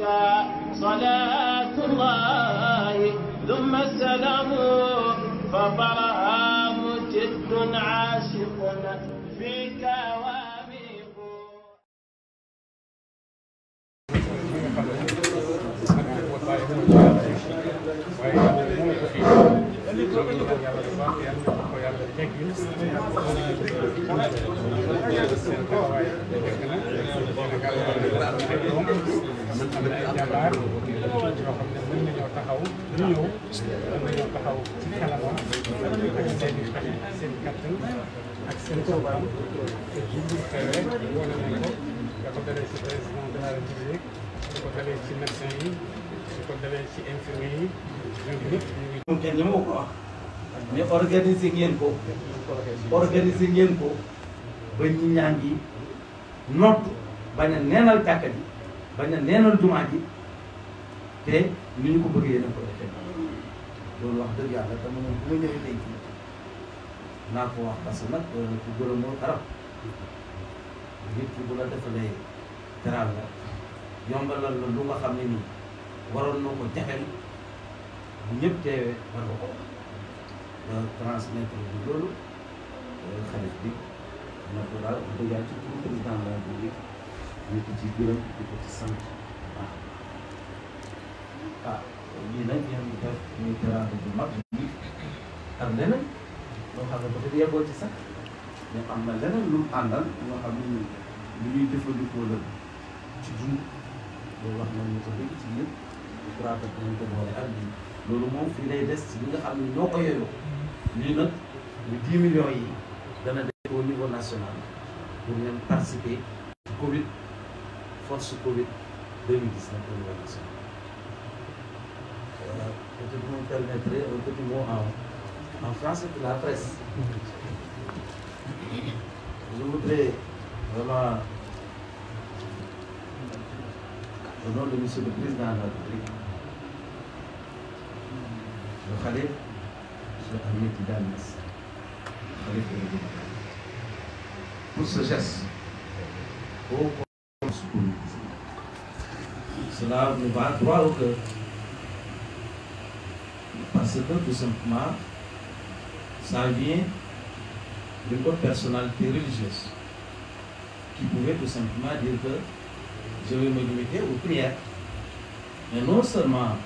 عليك صلاة الله ثم السلام فبرهام جد عاشق فيك واميق Thank you. am na ay jàmbaar yoo xam ne mën nañoo taxaw ñu ñëw mën nañoo taxaw ci xelamam ak seen i pexe ko da ci président de la république da ko dalee ci médecin yi da ko dalee ci infirmier yi ñoom ko wax mais organiser ngeen ko ko ba ñu ñaa ngi nopp bañ neenal jàkka bañ a neenal jumaa ji te ni ñu ko bëggee na ko defee loolu wax dëgg yàlla dama moom bu ma ñëwee tey jii naa ko wax parce que nag ku gërëm moo garab nit ki bu la defalee teral la yombalal la lu nga xam ne nii waroon na ko jafel bu ñëpp teewee war nga ko transmettre bi loolu bi na ko daal dëgg yàlla ci turu président de la République ñu ko ci gërëm di ko ci ah. Ah, lii nag ngeen def muy teraanga bu ne peut-être yeggoo ci sax mais am na leneen lu mu àndal loo xam ne ñu ñuy jëfandikoo la ci dund loolu wax nañ ñu ko léegi ci yëpp je crois que dinañ ko boole ak lii loolu moom fii lay des ci li nga xam ne ñoo ko yeyoo lii nag dana def au niveau national pour ngeen participer ci Covid force Covid 2019 organisation. Voilà, peut-être que vous me permettrez un petit mot en, en français pour la presse. Je voudrais vraiment, au nom de Monsieur le Président de la République, le Khalif, M. Ahmed Dames, Khalif de la pour ce geste au Cela ne va droit au que tout simplement, ça vient d'une bonne personnalité religieuse qui pouvait tout simplement dire que je vais me limiter Mais non seulement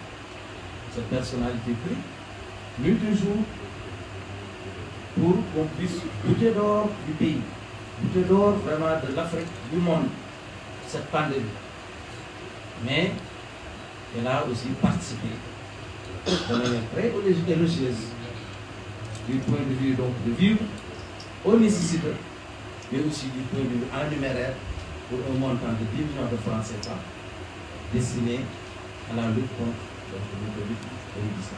cette personnalité prie, nuit du jour, pour qu'on puisse pays, goûter d'or vraiment de l'Afrique, du monde, cette mais elle a aussi participé de manière très honnête et religieuse du point de vue donc de vivre aux nécessités, mais aussi du point de vue en numéraire pour un montant de 10 millions de francs CFA destiné à la lutte contre le Covid-19.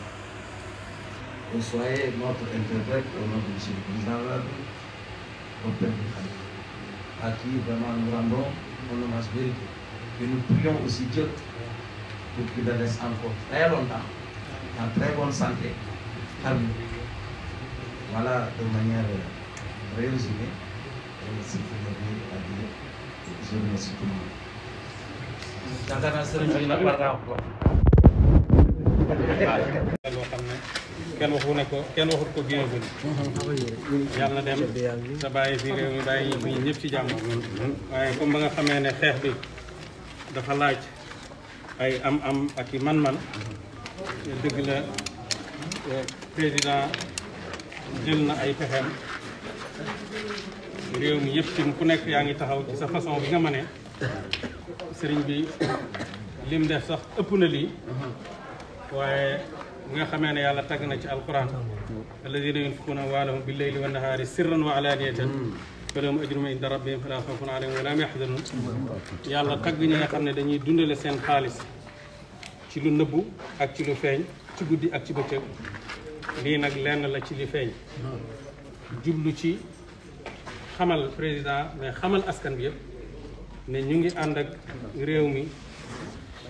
Et soyez notre interprète au nom de Jésus, nous au Père à qui vraiment nous rendons un hommage vérité. Et nous prions à kenn waxu ne ko kenn waxut ko génagul yàlla dem te bàyyi fi réew bàyyi fi ñëpp jàmm waaye comme ba nga xamee ne xeex bi dafa laaj ay am-am ak i man-man dëgg la président jël na ay pexeem réew mi yëpp tim ku nekk yaa ngi taxaw ci sa façon bi nga ma sëriñ bi lim def sax ëpp na lii waaye bi nga xamee ne yàlla tagg na ci alquran alladina yunfiquna bi billayli wa nahaari sirran wa alaniyatan lahum ajruhum inda rabbihim fala xawfun alayhim wala hum yahzanun yàlla tagg ñi nga xam ne dañuy dundale seen xaalis ci lu nëbbu ak ci lu feeñ ci guddi ak ci bëccëg lii nag lenn la ci li feeñ jublu ci xamal président mais xamal askan bi yëpp ne ñu ngi ànd ak réew mi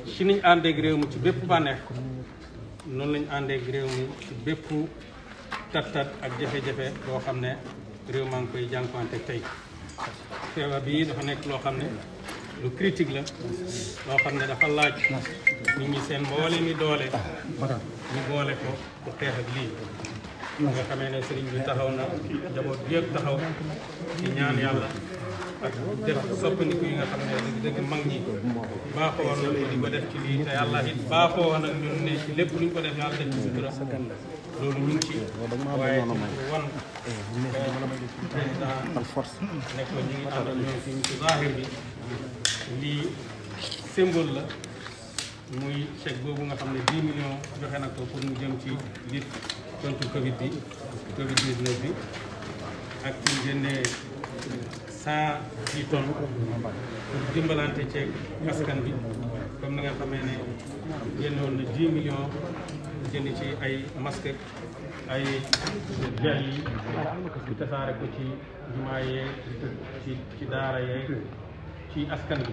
ci niñ àndeek réew mi ci bépp bànneex noonu lañ àndeek réew mi ci bépp tat-tat ak jafe-jafe boo xam ne réew maa ngi koy jànkuwante tey feebar bii dafa nekk loo xam ne lu critique la loo xam ne dafa laaj nit ngi seen boole mi doole ñu boole ko bu xeex ak lii nga xamee ne sëriñ bi taxaw na jaboot bi yëpp taxaw ci ñaan yàlla ak def soppandiku yi nga xam ne dëgg-dëgg mag ñi baaxoo woon nañ ko di ko def ci lii te yàlla it baaxoo woon ak ñun ne ci lépp luñ ko def yàlla def ci sutura loolu ñu ngi ci waaye wan président ne ko ñu ngi àndal ñoom fii ci zahir bi lii symbole la muy chèque boobu nga xam ne 10 millions joxe na ko pour mu jëm ci lutte contre Covid bi Covid 19 bi ak ci génnee cent dix tonnes pour dimbalante ceeg askan bi comme na nga xamee ne génnoon na 10 millions. génn ci ay masque ay gel yi di tasaare ci daara yee ci askan bi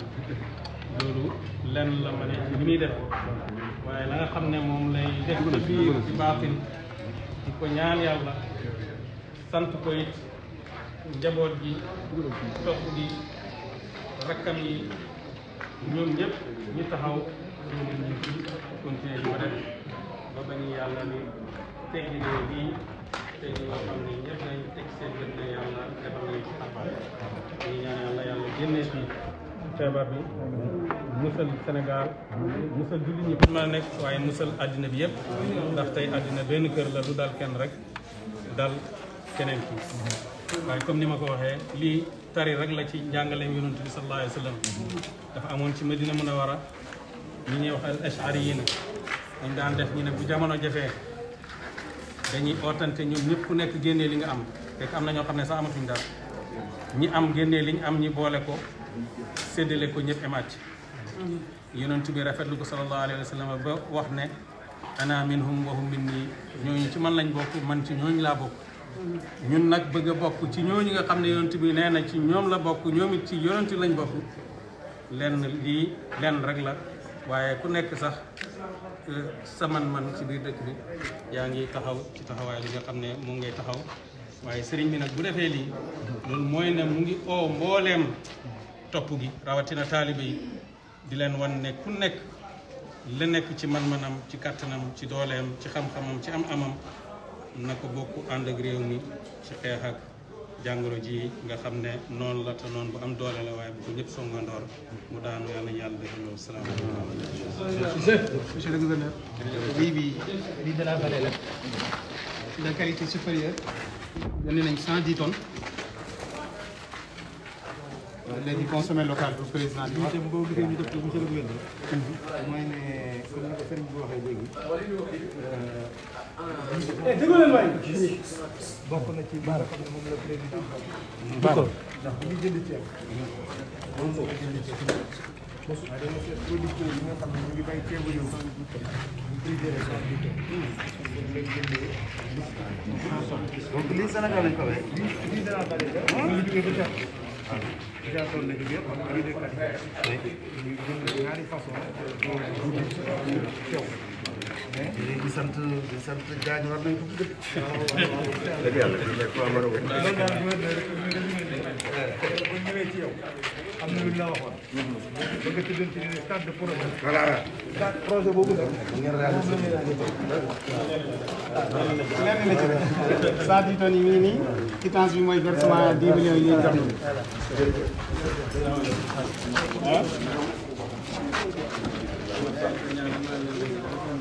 loolu lenn la ma ne ci li def waaye la nga xam ne moom lay def ci biir ci baatin di ko ñaan yàlla sant ko njaboot gi topp gi rakkam yi ñoom ñëpp ñu taxaw ñu ngi ñu ci ko def ba bañ yàlla ni teggi ne bii teggi loo xam ne ñëpp nañ teg seen bët yàlla defal nañ ci xabaar ñu ñaan yàlla yàlla génnee fii feebar bi musal Sénégal musal jullit ñi mën a nekk waaye musal àddina bi yëpp ndax tey àddina benn kër la du dal kenn rek dal keneen kii waaye comme ni ma ko waxee lii tari rek la ci njàngaleem yonent bi sallallahu alayhi wa sallam dafa amoon ci Madina Munawara ñi ñuy wax al ashari yi na dañ daan def ñu ne bu jamono jafee dañuy otante ñun ñëpp ku nekk génnee li nga am fekk am na ñoo xam ne sax amatuñ dara ñi am génnee liñ am ñi boole ko séddale ko ñëpp emaat ci yonent bi rafetlu ko sallallahu alayhi wa sallam ba wax ne ana minhum wa hum minni ñooñu ci man lañ bokk man ci ñooñu laa bokk ñun nag bëgg a bokk ci ñooñu nga xam ne yonent bi nee na ci ñoom la bokk ñoom it ci yonent lañ bokk lenn lii lenn rek la waaye ku nekk sax euh, sa man-man ci biir dëkk bi yaa ngi taxaw ci taxawaay li nga xam ne moom ngay taxaw waaye sëriñ bi nag bu defee lii loolu mooy ne mu ngi oo mbooleem topp gi rawatina taalibe yi di leen wan ne ku nekk la nekk ci man-manam ci kàttanam ci dooleem ci xam-xamam ci am-amam na ko bokk ànd ak réew mi ci xeex ak jàngoro ji nga xam ne noonu la te noonu bu am doole la waaye bu ko ñëpp songandoor mu daanu yàlla yàlla def loolu salaamaaleykum. monsieur le gouverneur. lii bi lii de la vallée la. de qualité supérieure. yónnee nañ cent dix tonnes. léegi consommé local bu président bi wax. boo gisee ñu def ko monsieur le gouverneur. Mhm. mooy ne comme ni ko sëriñ bi waxee léegi. Euh, eh déglu leen waay. bokk na ci baara xam ne moom la président xam. ndax bu ñu jënd ceeb. moom moo ko jënd ceeb. waaye dama seet producteur yi nga xam ne ñu ngi bay ceebu yow. bu ñu jëlee sax du toog. donc lii Sénégal lañ ko waxee. lii lii danaa bari de. ñu ngi jógee ba ca. déjà tool la jógee kon ñu def ñu jënd ñaari façon. di sant di sant gaañ war nañ ko fi dëkk. dëgg yàlla dëgg yàlla loolu daal di wér bu ñëwee ci yow am na lu ñu la waxoon. ba nga tëddal ci ne stade de projet. voilà stade projet boobu nag. ngeen réalisé lenn la ci def. saa di toon yi mi ngi nii quittance bi mooy versement 10 millions yi ñuy jox ñu.